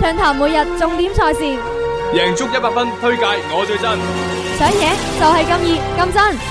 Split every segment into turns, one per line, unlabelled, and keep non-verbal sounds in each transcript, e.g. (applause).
暢談每日重點賽事，贏足一百分，推介我最真，想贏就係咁熱咁真。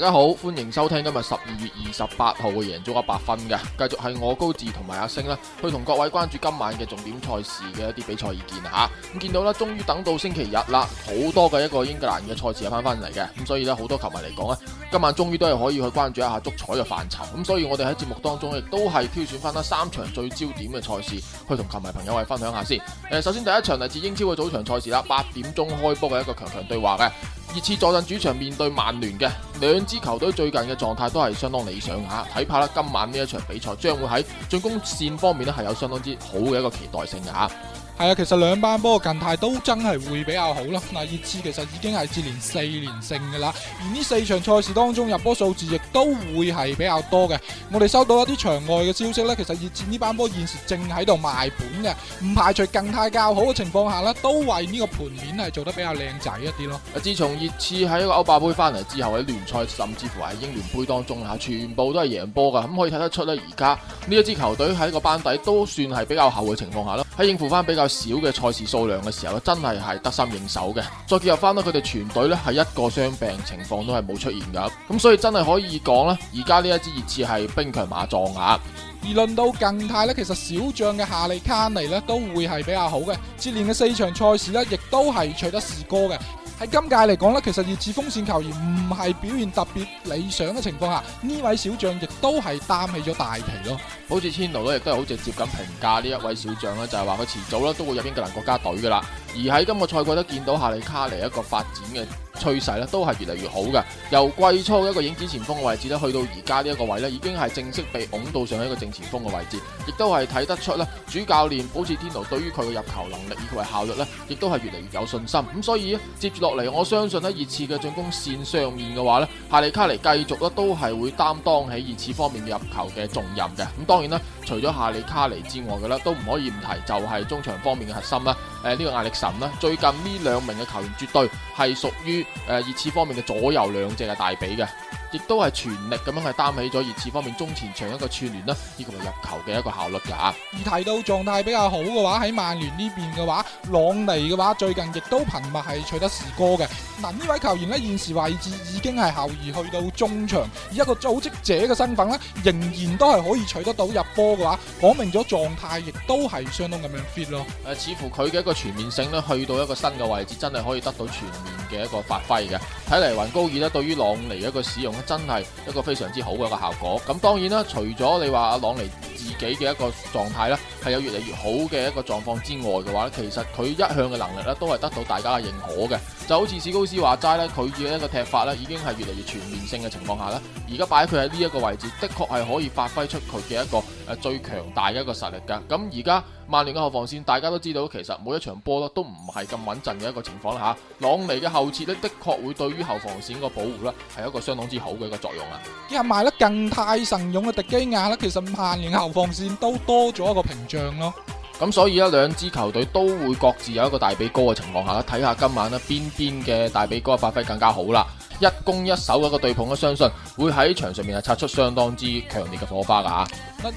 大家好，歡迎收聽今日十二月二十八號嘅贏足一百分嘅，繼續係我高志同埋阿星啦，去同各位關注今晚嘅重點賽事嘅一啲比賽意見啊，吓，咁見到啦，終於等到星期日啦，好多嘅一個英格蘭嘅賽事翻翻嚟嘅，咁、啊、所以咧好多球迷嚟講咧，今晚終於都係可以去關注一下足彩嘅範疇，咁、啊、所以我哋喺節目當中亦都係挑選翻啦三場最焦點嘅賽事去同球迷朋友去分享下先。誒、啊，首先第一場嚟自英超嘅早場賽事啦，八點鐘開波嘅一個強強對話嘅，熱刺坐鎮主場面對曼聯嘅兩。支球隊最近嘅狀態都係相當理想吓，睇怕啦，今晚呢一場比賽將會喺進攻線方面咧，係有相當之好嘅一個期待性嘅吓。
係啊，其實兩班波近太都真係會比較好咯。嗱，熱刺其實已經係接連四連勝噶啦，而呢四場賽事當中入波數字亦都會係比較多嘅。我哋收到一啲場外嘅消息呢，其實熱刺呢班波現時正喺度賣盤嘅，唔排除近太較好嘅情況下呢，都為呢個盤面係做得
比較靚仔一啲咯。自從熱刺喺一個歐霸杯翻嚟之後喺聯賽，甚至乎喺英聯杯當中啊，全部都係贏波噶，咁可以睇得出呢，而家呢一支球隊喺個班底都算係比較厚嘅情況下啦，喺應付翻比較。少嘅賽事數量嘅時候咧，真係係得心應手嘅。再結合翻到佢哋全隊呢，係一個傷病情況都係冇出現噶咁所以真係可以講啦。而家呢一支熱刺係兵強馬壯啊。而論到
近泰呢，其實小將嘅夏利卡尼呢都會係比較好嘅。接連嘅四場賽事呢，亦都係取得士哥嘅。喺今屆嚟講咧，其實熱刺鋒線球員唔係表現特別理想嘅情況下，呢位小將亦都係擔起咗大旗咯。
好似千奴咧，亦都係好直接咁評價呢一位小將啦，就係話佢遲早咧都會入英格蘭國家隊噶啦。而喺今個賽季都見到夏利卡尼一個發展嘅。趨勢咧都係越嚟越好嘅，由季初一個影子前鋒嘅位置咧，去到而家呢一個位咧，已經係正式被擁到上一個正前鋒嘅位置，亦都係睇得出咧，主教練保持天奴對於佢嘅入球能力以及效率咧，亦都係越嚟越有信心。咁所以接住落嚟，我相信咧熱刺嘅進攻線上面嘅話咧，夏利卡尼繼續咧都係會擔當起熱刺方面嘅入球嘅重任嘅。咁當然啦，除咗夏利卡尼之外嘅都唔可以唔提，就係中場方面嘅核心啦。誒，呢、呃這個壓力神啦，最近呢兩名嘅球員絕對係屬於誒熱刺方面嘅左右兩隻嘅大髀嘅。亦都係全力咁樣係擔起咗熱刺方面中前場一個串聯啦，呢、這個係入球嘅一個效率噶吓。
而提到狀態比較好嘅話，喺曼聯呢邊嘅話，朗尼嘅話最近亦都頻密係取得士哥嘅。嗱，呢位球員呢，現時位置已經係後移去到中場，以一個組織者嘅身份呢，仍然都係可以取得到入波嘅話，講明咗狀態亦都係相當咁樣
fit 咯。誒、呃，似乎佢嘅一個全面性呢，去到一個新嘅位置，真係可以得到全面嘅一個發揮嘅。睇嚟，雲高爾呢對於朗尼一個使用。真係一個非常之好嘅一個效果。咁當然啦，除咗你話阿朗尼。自己嘅一個狀態呢係有越嚟越好嘅一個狀況之外嘅話呢，其實佢一向嘅能力呢都係得到大家嘅認可嘅。就好似史高斯話齋呢，佢嘅一個踢法呢已經係越嚟越全面性嘅情況下呢，而家擺佢喺呢一個位置，的確係可以發揮出佢嘅一個誒最強大嘅一個實力噶。咁而家曼聯嘅後防線，大家都知道，其實每一場波呢都唔係咁穩陣嘅一個情況下，朗尼嘅後撤呢的確會對於後防線個保護呢係一個相當之好嘅一個作用啦。
而賣得更太神勇嘅迪基亞呢其實曼聯後方的。 (noise)
防線都多咗一個屏障咯，咁所以呢，兩支球隊都會各自有一個大比高嘅情況下，睇下今晚呢邊邊嘅大比高發揮更加好啦。一攻一守嗰個對碰，我相信會喺場上面係擦出相當之強烈嘅火花噶吓。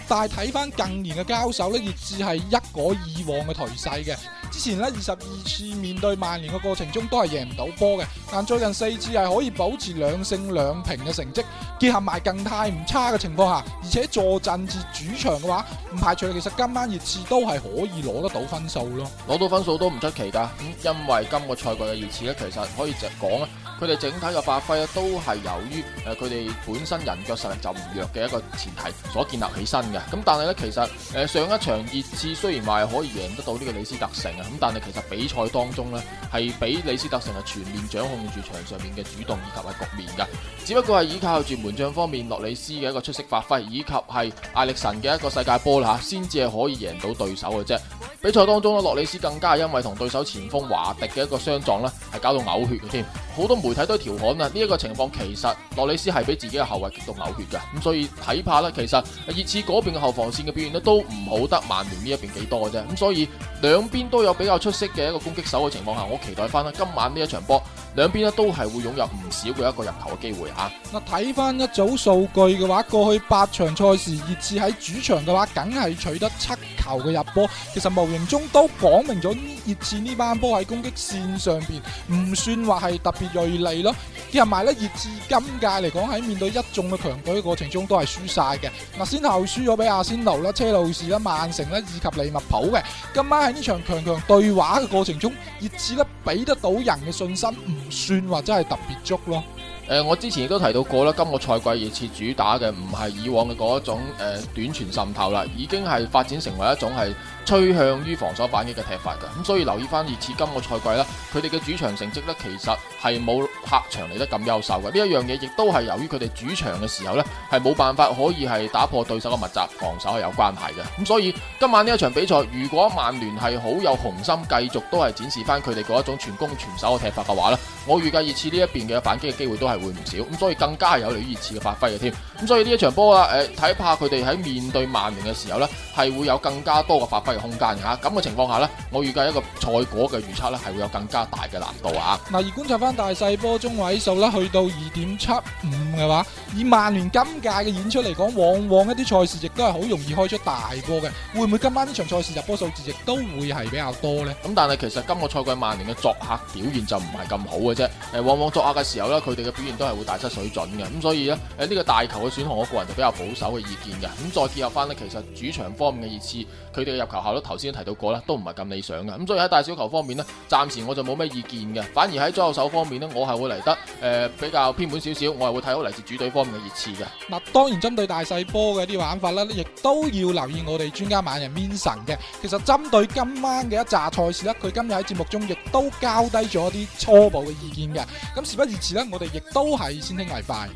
但係睇翻近年嘅交手呢，熱刺係一改以往嘅頹勢嘅。之前呢，二十二次面對曼聯嘅過程中都係贏唔到波嘅，但最近四次係可以保持兩勝兩平嘅成績，結合埋近太唔差嘅情況下，而且坐陣至主場嘅話，唔排除其實今晚熱刺都係
可以攞得到分數咯。攞到分數都唔出奇噶，咁、嗯、因為今個賽季嘅熱刺呢，其實可以直講佢哋整體嘅發揮咧，都係由於誒佢哋本身人腳實力就唔弱嘅一個前提所建立起身嘅。咁但係咧，其實誒上一場熱刺雖然話係可以贏得到呢個李斯特城啊，咁但係其實比賽當中咧係俾李斯特城係全面掌控住場上面嘅主動以及係局面嘅。只不過係依靠住門將方面洛里斯嘅一個出色發揮，以及係艾力神嘅一個世界波啦先至係可以贏到對手嘅啫。比賽當中咧，洛里斯更加係因為同對手前鋒華迪嘅一個相撞呢係搞到嘔血嘅添，好多門媒體都調侃啊，呢一個情況其實羅里斯係俾自己嘅後衛激到嘔血嘅。咁所以睇怕咧，其實熱刺嗰邊嘅後防線嘅表現咧都唔好得曼聯呢一邊幾多嘅啫，咁所以兩邊都有比較出色嘅一個攻擊手嘅情況下，我期待翻咧今晚呢一場波。兩邊咧都係會擁有唔少嘅一個入球嘅機會吓、啊。
嗱，睇翻一組數據嘅話，過去八場賽事，熱刺喺主場嘅話，梗係取得七球嘅入波。其實無形中都講明咗，熱刺呢班波喺攻擊線上邊，唔算話係特別銳利咯。然後埋咧，熱刺今屆嚟講喺面對一眾嘅強隊嘅過程中，都係輸晒嘅。嗱，先後輸咗俾阿仙奴啦、車路士啦、曼城啦以及利物浦嘅。今晚喺呢場強強對話嘅過程中，熱刺咧。俾得到人嘅信心唔算或者係特別足咯。
誒、呃，我之前亦都提到過啦，今個賽季熱刺主打嘅唔係以往嘅嗰一種誒、呃、短傳滲透啦，已經係發展成為一種係趨向於防守反擊嘅踢法噶。咁、嗯、所以留意翻熱刺今個賽季啦，佢哋嘅主場成績咧其實係冇。客場嚟得咁優秀嘅呢一樣嘢，亦都係由於佢哋主場嘅時候呢，係冇辦法可以係打破對手嘅密集防守係有關係嘅。咁所以今晚呢一場比賽，如果曼聯係好有雄心，繼續都係展示翻佢哋嗰一種全攻全守嘅踢法嘅話呢，我預計熱刺呢一邊嘅反擊嘅機會都係會唔少。咁所以更加係有利於熱刺嘅發揮嘅添。咁所以呢一場波啦，誒、呃、睇怕佢哋喺面對曼聯嘅時候呢，係會有更加多嘅發揮嘅空間吓。咁嘅情況下呢，我預計一個賽果嘅預測呢，係會有更加大嘅難度啊。
嗱，而觀察翻大細波。中位數啦，去到二點七五。係話，以曼聯今屆嘅演出嚟講，往往一啲賽事亦都係好容易開出大
波嘅。會唔會今晚
呢場賽事入波數字
亦都會係比較多呢？咁但係其實今個賽季曼聯嘅作客表現就唔係咁好嘅啫、呃。往往作客嘅時候呢，佢哋嘅表現都係會大失水準嘅。咁所以呢，呢、呃這個大球嘅選項，我個人就比較保守嘅意見嘅。咁再結合翻呢，其實主場方面嘅熱刺，佢哋嘅入球效率頭先都提到過啦，都唔係咁理想嘅。咁所以喺大小球方面呢，暫時我就冇咩意見嘅。反而喺左手方面呢，我係會嚟得誒、呃、比較偏滿少少，我係會睇。嚟自主隊方面嘅熱刺嘅，
嗱，當然針對大細波嘅啲玩法啦，亦都要留意我哋專家猛人 Mason 嘅。其實針對今晚嘅一紮賽事咧，佢今日喺節目中亦都交低咗一啲初步嘅意見嘅。咁事不宜遲咧，我哋亦都係先聽為快。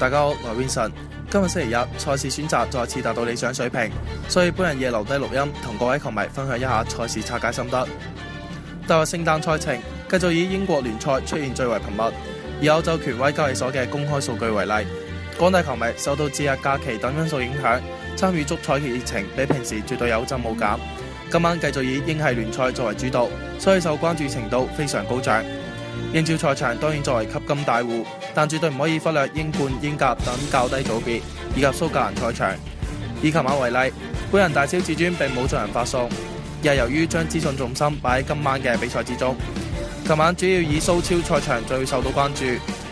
大家好，我係 Vincent。今日星期日，賽事選擇再次達到理想水平，所以本人夜留低錄音，同各位球迷分享一下賽事拆解心得。踏入聖誕賽程，繼續以英國聯賽出現最為頻密。以歐洲權威交易所嘅公開數據為例，廣大球迷受到節日假期等因素影響，參與足彩嘅熱情比平時絕對有增冇減。今晚繼續以英系聯賽作為主導，所以受關注程度非常高漲。英超賽場當然作為吸金大戶，但絕對唔可以忽略英冠、英甲等較低組別以及蘇格蘭賽場。以琴晚為例，本人大超至尊並冇進行發送，又由於將資訊重心擺喺今晚嘅比賽之中。琴晚主要以蘇超賽場最受到關注，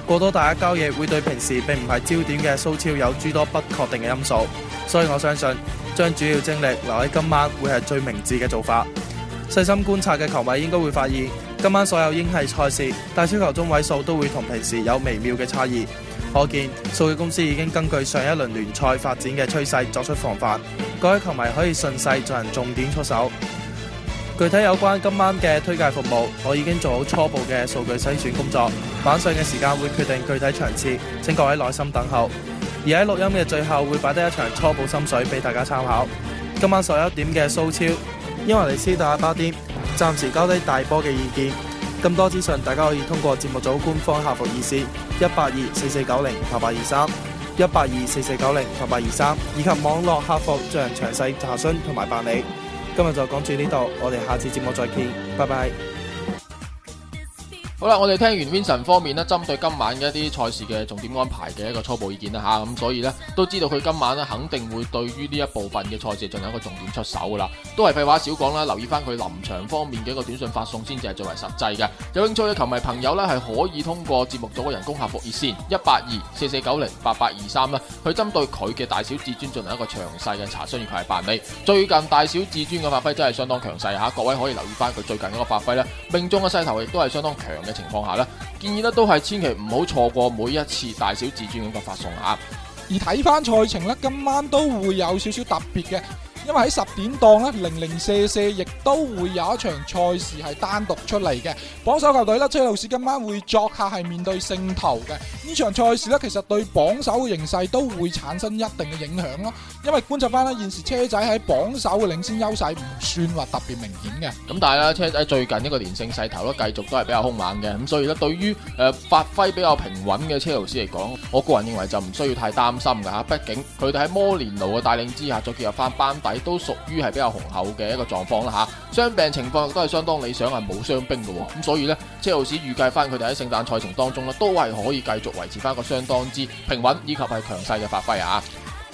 過多大家交易會對平時並唔係焦點嘅蘇超有諸多不確定嘅因素，所以我相信將主要精力留喺今晚會係最明智嘅做法。細心觀察嘅球迷應該會發現。今晚所有英系賽事大小球中位數都會同平時有微妙嘅差異，可見數據公司已經根據上一輪聯賽發展嘅趨勢作出防範。各位球迷可以順勢進行重點出手。具體有關今晚嘅推介服務，我已經做好初步嘅數據篩選工作，晚上嘅時間會決定具體場次，請各位耐心等候。而喺錄音嘅最後會擺低一場初步心水俾大家參考。今晚十一點嘅蘇超，英華尼斯打巴顛。暫時交低大波嘅意見，更多資訊，大家可以通過節目組官方客服熱線一八二四四九零八八二三一八二四四九零八八二三以及網絡客服進行詳細查詢同埋辦理。今日就講住呢度，我哋下次節目再見，拜拜。好啦，我哋聽完 Vincent 方面咧，
針對今晚嘅一啲賽事嘅重點安排嘅一個初步意見啦吓，咁所以咧都知道佢今晚咧肯定會對於呢一部分嘅賽事進行一個重點出手噶啦，都係廢話少講啦，留意翻佢臨場方面嘅一個短信發送先至係最為實際嘅。有興趣嘅球迷朋友呢，係可以通過節目組嘅人工客服熱線一八二四四九零八八二三啦，23，去針對佢嘅大小至尊進行一個詳細嘅查詢佢及辦理。最近大小至尊嘅發揮真係相當強勢吓，各位可以留意翻佢最近一個發揮啦，命中嘅勢頭亦都係相當強。嘅情況下咧，建議咧都係千祈唔好錯過每一次大小自尊咁嘅發送額！
而睇翻賽程，咧，今晚都會有少少特別嘅。因為喺十點檔咧，零零舍舍亦都會有一場賽事係單獨出嚟嘅。榜首球隊咧，車路士今晚會作客係面對勝頭嘅呢場賽事咧，其實對榜首嘅形勢都會產生一定嘅影響咯，因為觀察翻咧，現時車仔喺榜首嘅領先優勢唔算話特別明顯嘅，
咁但係咧，車仔最近呢個連勝勢頭咧，繼續都係比較兇猛嘅。咁所以咧，對於誒、呃、發揮比較平穩嘅車路士嚟講，我個人認為就唔需要太擔心噶吓，畢竟佢哋喺摩連奴嘅帶領之下，再結入翻班底。都屬於係比較雄厚嘅一個狀況啦嚇，傷病情況亦都係相當理想，係冇傷兵嘅，咁所以呢，車路士預計翻佢哋喺聖誕賽程當中呢都係可以繼續維持翻一個相當之平穩以及係強勢嘅發揮啊！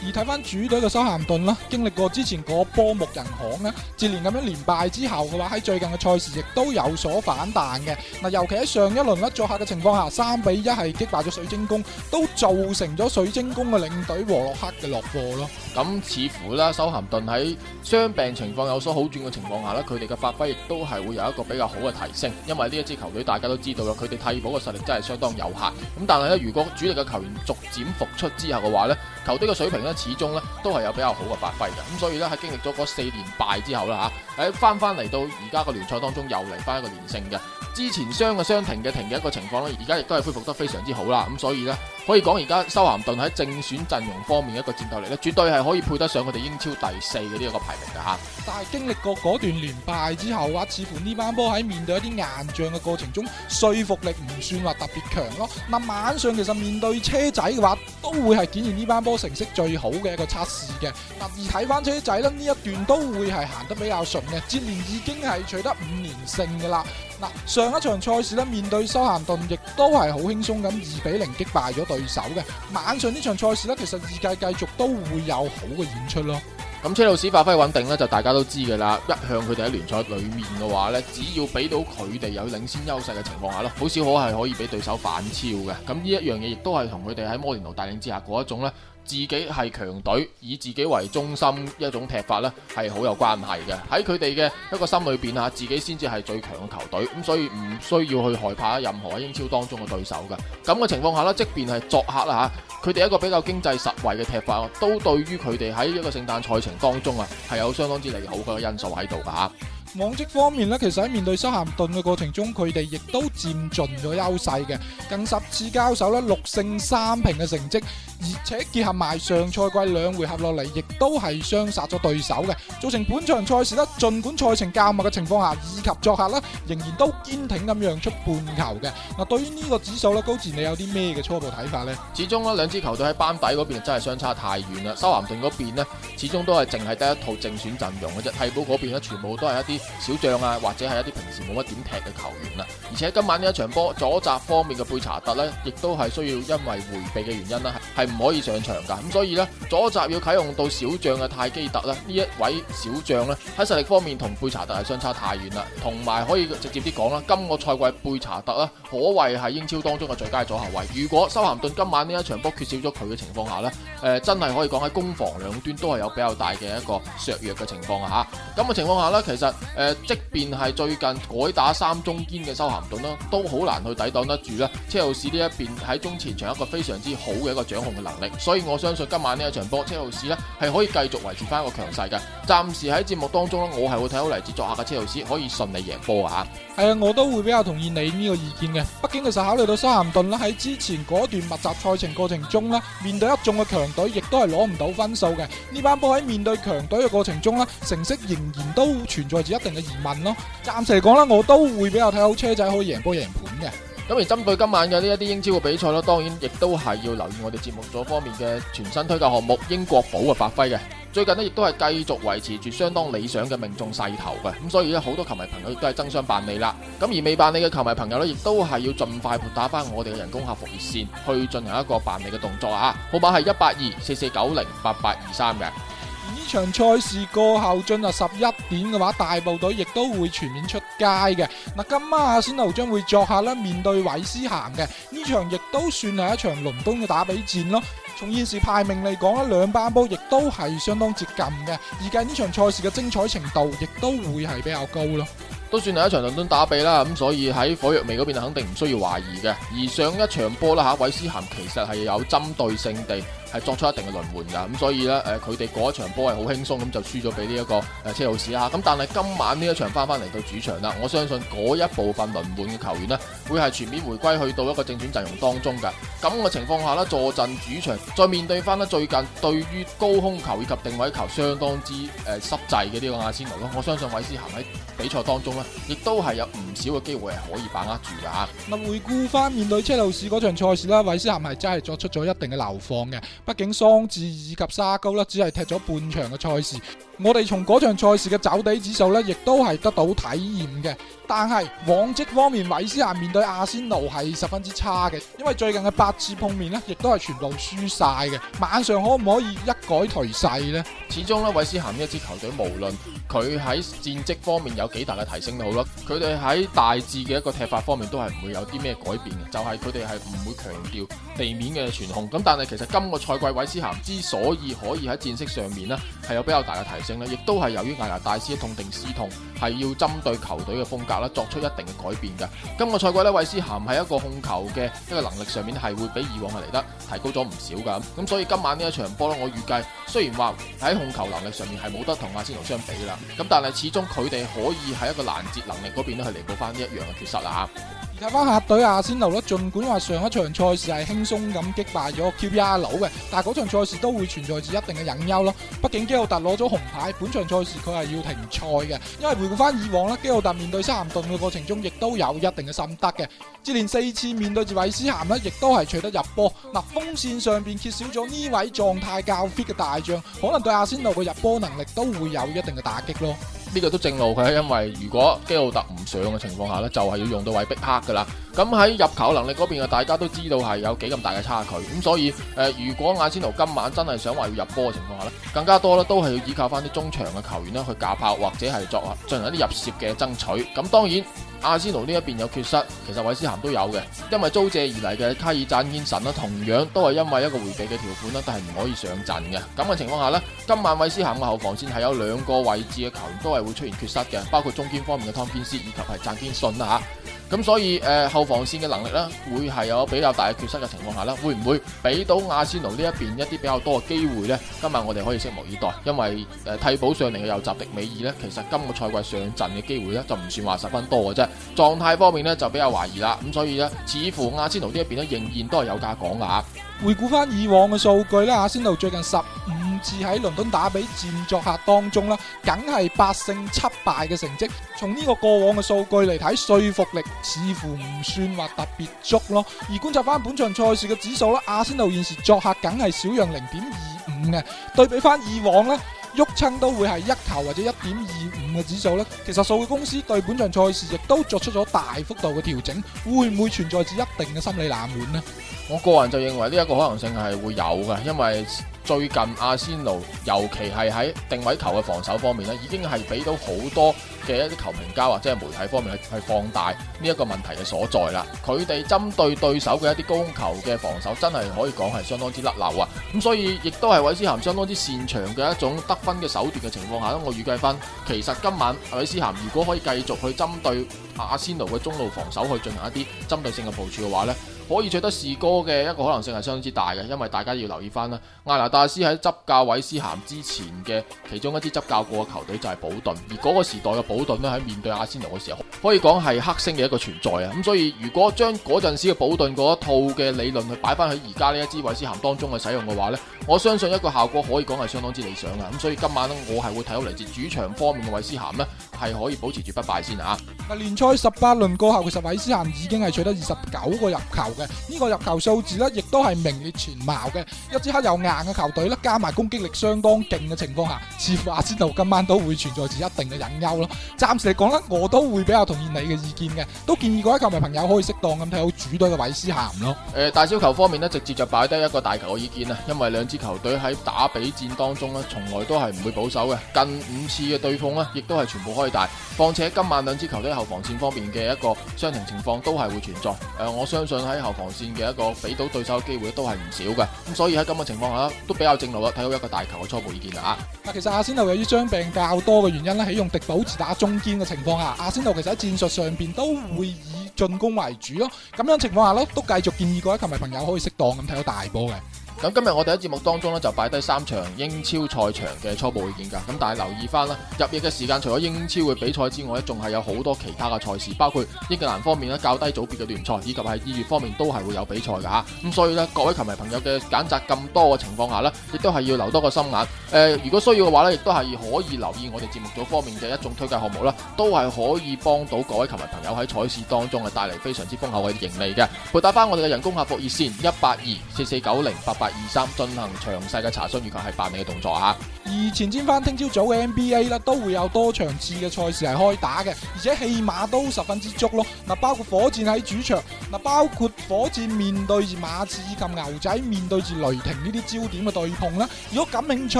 而睇翻主隊嘅修咸頓啦，經歷過之前嗰波木人巷，咧，接連咁樣連敗之後嘅話，喺最近嘅賽事亦都有所反彈嘅。嗱，尤其喺上一輪咧作客嘅情況下，三比一係擊敗咗水晶宮，都造成咗水晶宮嘅領隊和洛克
嘅落課咯。咁似乎啦，修咸頓喺傷病情況有所好轉嘅情況下咧，佢哋嘅發揮亦都係會有一個比較好嘅提升。因為呢一支球隊大家都知道嘅，佢哋替補嘅實力真係相當有限。咁但係咧，如果主力嘅球員逐漸復出之後嘅話咧，球隊嘅水平咧，始終咧都係有比較好嘅發揮嘅，咁所以咧喺經歷咗嗰四連敗之後啦嚇，喺翻翻嚟到而家個聯賽當中，又嚟翻一個連勝嘅。之前傷嘅傷停嘅停嘅一個情況咧，而家亦都係恢復得非常之好啦。咁所以呢，可以講而家修咸頓喺正選陣容方面嘅一個戰鬥力呢，絕對係可以配得上佢哋英超第四嘅呢一個排名㗎吓。
但係經歷過嗰段連敗之後嘅話，似乎呢班波喺面對一啲硬仗嘅過程中，説服力唔算話特別強咯。嗱，晚上其實面對車仔嘅話，都會係檢驗呢班波成績最好嘅一個測試嘅。嗱，而睇翻車仔咧，呢一段都會係行得比較順嘅，接連已經係取得五連勝嘅啦。嗱，上一場賽事呢，面對修咸頓，亦都係好輕鬆咁二比零擊敗咗對手嘅。晚上呢場賽事呢，其實二屆繼續都會有好嘅演出咯。
咁車路士發揮穩定呢，就大家都知嘅啦。一向佢哋喺聯賽裏面嘅話呢，只要俾到佢哋有領先優勢嘅情況下咯，好少可係可以俾對手反超嘅。咁呢一樣嘢亦都係同佢哋喺摩連奴帶領之下嗰一種呢。自己係強隊，以自己為中心一種踢法呢係好有關係嘅。喺佢哋嘅一個心裏邊嚇，自己先至係最強嘅球隊，咁所以唔需要去害怕任何喺英超當中嘅對手噶。咁嘅情況下咧，即便係作客啦嚇，佢哋一個比較經濟實惠嘅踢法，都對於佢哋喺一個聖誕賽程當中啊，係有相當之利好嘅因素喺度噶嚇。
往績方面咧，其實喺面對修咸頓嘅過程中，佢哋亦都佔盡咗優勢嘅。近十次交手咧，六勝三平嘅成績，而且結合埋上賽季兩回合落嚟，亦都係雙殺咗對手嘅，造成本場賽事咧，盡管賽程較密嘅情況下，以及作客啦，仍然都堅挺咁讓出半
球嘅。嗱，對於呢個指數咧，高志，你有啲咩
嘅初步睇法咧？
始終咧，兩支球隊喺班底嗰邊真係相差太遠啦。修咸頓邊咧，始終都係淨係得一套正選陣容嘅啫，替補嗰邊咧，全部都係一啲。小將啊，或者係一啲平時冇乜點踢嘅球員啦、啊。而且今晚呢一場波左閘方面嘅貝查特呢，亦都係需要因為回避嘅原因啦、啊，係唔可以上場噶。咁、嗯、所以呢，左閘要啟用到小將嘅泰基特啦。呢一位小將呢，喺實力方面同貝查特係相差太遠啦。同埋可以直接啲講啦，今個賽季貝查特呢，可謂係英超當中嘅最佳左後衛。如果修咸頓今晚呢一場波缺少咗佢嘅情況下呢，誒、呃，真係可以講喺攻防兩端都係有比較大嘅一個削弱嘅情況啊吓。咁嘅情況下呢，其實。呃，即便係最近改打三中堅嘅修咸頓啦，都好難去抵擋得住啦。車路士呢一邊喺中前場有一個非常之好嘅一個掌控嘅能力，所以我相信今晚呢一場波，車路士咧係可以繼續維持翻一個強勢嘅。暫時喺節目當中，我係會睇好嚟自作客嘅車路士可以順利贏波啊！
係，我都會比較同意你呢個意見嘅。畢竟其實考慮到沙咸頓啦，喺之前嗰段密集賽程過程中面對一眾嘅強隊，亦都係攞唔到分數嘅。呢班波喺面對強隊嘅過程中成績仍然都存在住一定嘅疑問咯。暫時嚟講啦，我都會比較睇好車仔可以贏波贏盤嘅。
咁而針對今晚嘅呢一啲英超嘅比賽啦，當然亦都係要留意我哋節目組方面嘅全新推介項目——英國寶嘅發揮嘅。最近呢，亦都係繼續維持住相當理想嘅命中勢頭嘅，咁所以咧，好多球迷，球迷朋友亦都係爭相辦理啦。咁而未辦理嘅球迷朋友呢，亦都係要盡快撥打翻我哋嘅人工客服熱線去進行一個辦理嘅動作啊。號碼係一八二四四九零八八二三嘅。
而呢場賽事過後進入十一點嘅話，大部隊亦都會全面出街嘅。嗱，今晚阿仙奴將會作客啦。面對韋斯咸嘅呢場，亦都算係一場倫敦嘅打比戰咯。從現時排名嚟講咧，兩班波亦都係相當接近嘅，而家呢場賽事嘅精彩程度亦都會係比較高咯，
都算係一場倫敦打比啦。咁所以喺火藥味嗰邊肯定唔需要懷疑嘅。而上一場波啦，哈韋斯咸其實係有針對性地係作出一定嘅輪換噶，咁所以呢，誒，佢哋嗰一場波係好輕鬆咁就輸咗俾呢一個誒車路士啊，咁但係今晚呢一場翻翻嚟到主場啦，我相信嗰一部分輪換嘅球員呢，會係全面回歸去到一個正選陣容當中噶，咁嘅情況下呢，坐鎮主場再面對翻呢最近對於高空球以及定位球相當之誒、呃、濕滯嘅呢個阿仙奴咯，我相信韋斯咸喺比賽當中呢，亦都係有唔少嘅機會係可以把握住噶吓。
嗱，回顧翻面對車路士嗰場賽事啦，韋斯咸係真係作出咗一定嘅流放嘅。畢竟桑智以及沙高啦，只係踢咗半場嘅賽事。我哋從嗰場賽事嘅走地指數呢，亦都係得到體驗嘅。但係往績方面，韋斯咸面對阿仙奴係十分之差嘅，
因為最近嘅八次碰面呢，亦都係全部輸晒嘅。晚上可唔可以一改頹勢呢？始終呢，韋斯咸呢一支球隊，無論佢喺戰績方面有幾大嘅提升都好啦，佢哋喺大致嘅一個踢法方面都係唔會有啲咩改變嘅，就係佢哋係唔會強調地面嘅傳控。咁但係其實今個賽季韋斯咸之所以可以喺戰績上面呢，係有比較大嘅提升。亦都係由於亞拿大師痛定思痛，係要針對球隊嘅風格啦，作出一定嘅改變嘅。今個賽季咧，韋斯咸喺一個控球嘅一個能力上面係會比以往係嚟得提高咗唔少噶。咁，所以今晚呢一場波我預計雖然話喺控球能力上面係冇得同阿仙奴相比啦，咁但係始終佢哋可以喺一個攔截能力嗰邊咧，係彌補翻呢一樣嘅缺失啦吓。
睇翻客隊阿仙奴咯，盡管話上一場賽事係輕鬆咁擊敗咗 QPR 嘅，但係嗰場賽事都會存在住一定嘅隱憂咯。畢竟基奧特攞咗紅牌，本場賽事佢係要停賽嘅。因為回顧翻以往咧，基奧特面對沙咸頓嘅過程中，亦都有一定嘅心得嘅。就連四次面對住韋斯咸呢，亦都係取得入波。嗱，鋒綫上邊缺少咗呢位狀態較 fit 嘅大將，可能對阿仙奴嘅入波能力都會有一定嘅打擊咯。
呢個都正路，佢係因為如果基奧特唔上嘅情況下呢就係、是、要用到韋碧克㗎喇。咁喺入球能力嗰邊啊，大家都知道係有幾咁大嘅差距。咁所以誒、呃，如果阿仙奴今晚真係想話要入波嘅情況下呢，更加多咧，都係要依靠返啲中場嘅球員咧去架炮或者係作啊進行一啲入楔嘅爭取。咁當然。阿仙奴呢一邊有缺失，其實韋斯咸都有嘅，因為租借而嚟嘅卡爾讚堅神啦、啊，同樣都係因為一個回避嘅條款啦，都係唔可以上陣嘅。咁嘅情況下咧，今晚韋斯咸嘅後防線係有兩個位置嘅球員都係會出現缺失嘅，包括中堅方面嘅湯堅斯以及係讚堅信啦、啊、吓。咁所以誒、呃、後防線嘅能力啦，會係有比較大嘅缺失嘅情況下啦，會唔會俾到亞仙奴呢一邊一啲比較多嘅機會呢？今日我哋可以拭目以待，因為誒替補上嚟嘅右閘迪美爾呢，其實今個賽季上陣嘅機會呢，就唔算話十分多嘅啫，狀態方面呢，就比較懷疑啦。咁所以呢，似乎亞仙奴呢一邊咧仍然都係有價講嘅嚇。
回顧翻以往嘅數據咧，亞仙奴最近十五至喺倫敦打比戰作客當中啦，梗係八勝七敗嘅成績，從呢個過往嘅數據嚟睇，說服力似乎唔算話特別足咯。而觀察翻本場賽事嘅指數啦，阿仙奴現時作客梗係少讓零點二五嘅，對比翻以往呢，郁親都會係一球或者一點二五嘅指數呢，其實數據公司對本場賽事亦都作出咗大幅度嘅調整，會唔會存在住一定嘅心理冷門
呢，我個人就認為呢一個可能性係會有嘅，因為最近阿仙奴，尤其係喺定位球嘅防守方面咧，已經係俾到好多嘅一啲球評家或者係媒體方面去放大呢一個問題嘅所在啦。佢哋針對對手嘅一啲高球嘅防守，真係可以講係相當之甩漏啊！咁所以亦都係韋斯咸相當之擅長嘅一種得分嘅手段嘅情況下咧，我預計翻，其實今晚韋斯咸如果可以繼續去針對阿仙奴嘅中路防守去進行一啲針對性嘅部署嘅話咧。可以取得士哥嘅一個可能性係相當之大嘅，因為大家要留意翻啦。亞拿大斯喺執教韋斯咸之前嘅其中一支執教過嘅球隊就係保頓，而嗰個時代嘅保頓呢，喺面對阿仙奴嘅時候，可以講係黑星嘅一個存在啊。咁所以如果將嗰陣時嘅保頓嗰一套嘅理論去擺翻喺而家呢一支韋斯咸當中去使用嘅話呢，我相信一個效果可以講係相當之理想啊。咁所以今晚呢，我係會睇到嚟自主場方面嘅韋斯咸呢，係可以保持住不敗先啊。
嗱，聯賽十八輪過後，其實韋斯咸已經係取得二十九個入球嘅，呢、呢個入球數字呢，亦都係名列前茅嘅。一支黑又硬嘅球隊呢，加埋攻擊力相當勁嘅情況下，似乎阿仙奴今晚都會存在住一定嘅隱憂咯。暫時嚟講呢，我都會比較同意你嘅意見嘅，都建議各位球迷朋友可以適當咁睇好主隊嘅韋斯咸
咯。誒、呃，大小球方面呢，直接就擺低一個大球嘅意見啦。因為兩支球隊喺打比戰當中呢，從來都係唔會保守嘅，近五次嘅對碰呢，亦都係全部開。大，況且今晚兩支球隊後防線方面嘅一個傷停情況都係會存在誒，我相信喺後防線嘅一個俾到對手嘅機會都係唔少嘅。咁所以喺咁嘅情況下咧，都比較正路啦。睇到一個大球嘅初步意見啦
啊。嗱，其實阿仙奴由於傷病較多嘅原因咧，啟用迪寶治打中堅嘅情況下，阿仙奴其實喺戰術上邊都會以進攻為主咯。咁樣情況下咧，都繼續建議各位球迷朋友可以適當咁睇到大
波嘅。咁今日我哋喺節目當中呢就擺低三場英超賽場嘅初步意見噶，咁但係留意翻啦，入夜嘅時間除咗英超嘅比賽之外呢仲係有好多其他嘅賽事，包括英格蘭方面呢較低組別嘅聯賽，以及喺二月方面都係會有比賽噶吓。咁所以呢各位球迷朋友嘅揀擇咁多嘅情況下呢亦都係要留多個心眼。誒、呃，如果需要嘅話呢亦都係可以留意我哋節目組方面嘅一種推介項目啦，都係可以幫到各位球迷朋友喺賽事當中係帶嚟非常之豐厚嘅盈利嘅。撥打翻我哋嘅人工客服熱線一八二四四九零八八。二三進行詳細嘅查詢，以及係辦理嘅動作吓。
而前瞻翻聽朝早嘅 NBA 呢，都會有多場次嘅賽事係開打嘅，而且戲碼都十分之足咯。嗱，包括火箭喺主場，嗱，包括火箭面對住馬刺以及牛仔面對住雷霆呢啲焦點嘅對碰啦。如果感興趣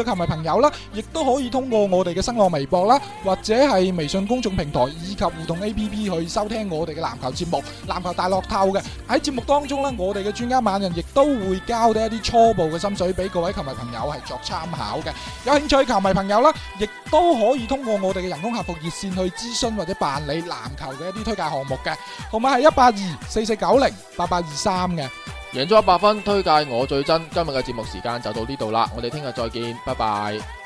嘅球迷朋友啦，亦都可以通過我哋嘅新浪微博啦，或者係微信公眾平台以及互動 APP 去收聽我哋嘅籃球節目《籃球大樂透》嘅。喺節目當中呢，我哋嘅專家猛人亦都會交低一啲初步嘅心水俾各位球迷朋友係作參考嘅。有興趣嘅球迷朋友啦，亦都可以通過我哋嘅人工客服熱線去諮詢或者辦理籃球嘅一啲推介項目嘅號碼係一八二四四九零八八二三嘅。
贏咗一百分推介我最真，今日嘅節目時間就到呢度啦。我哋聽日再見，拜拜。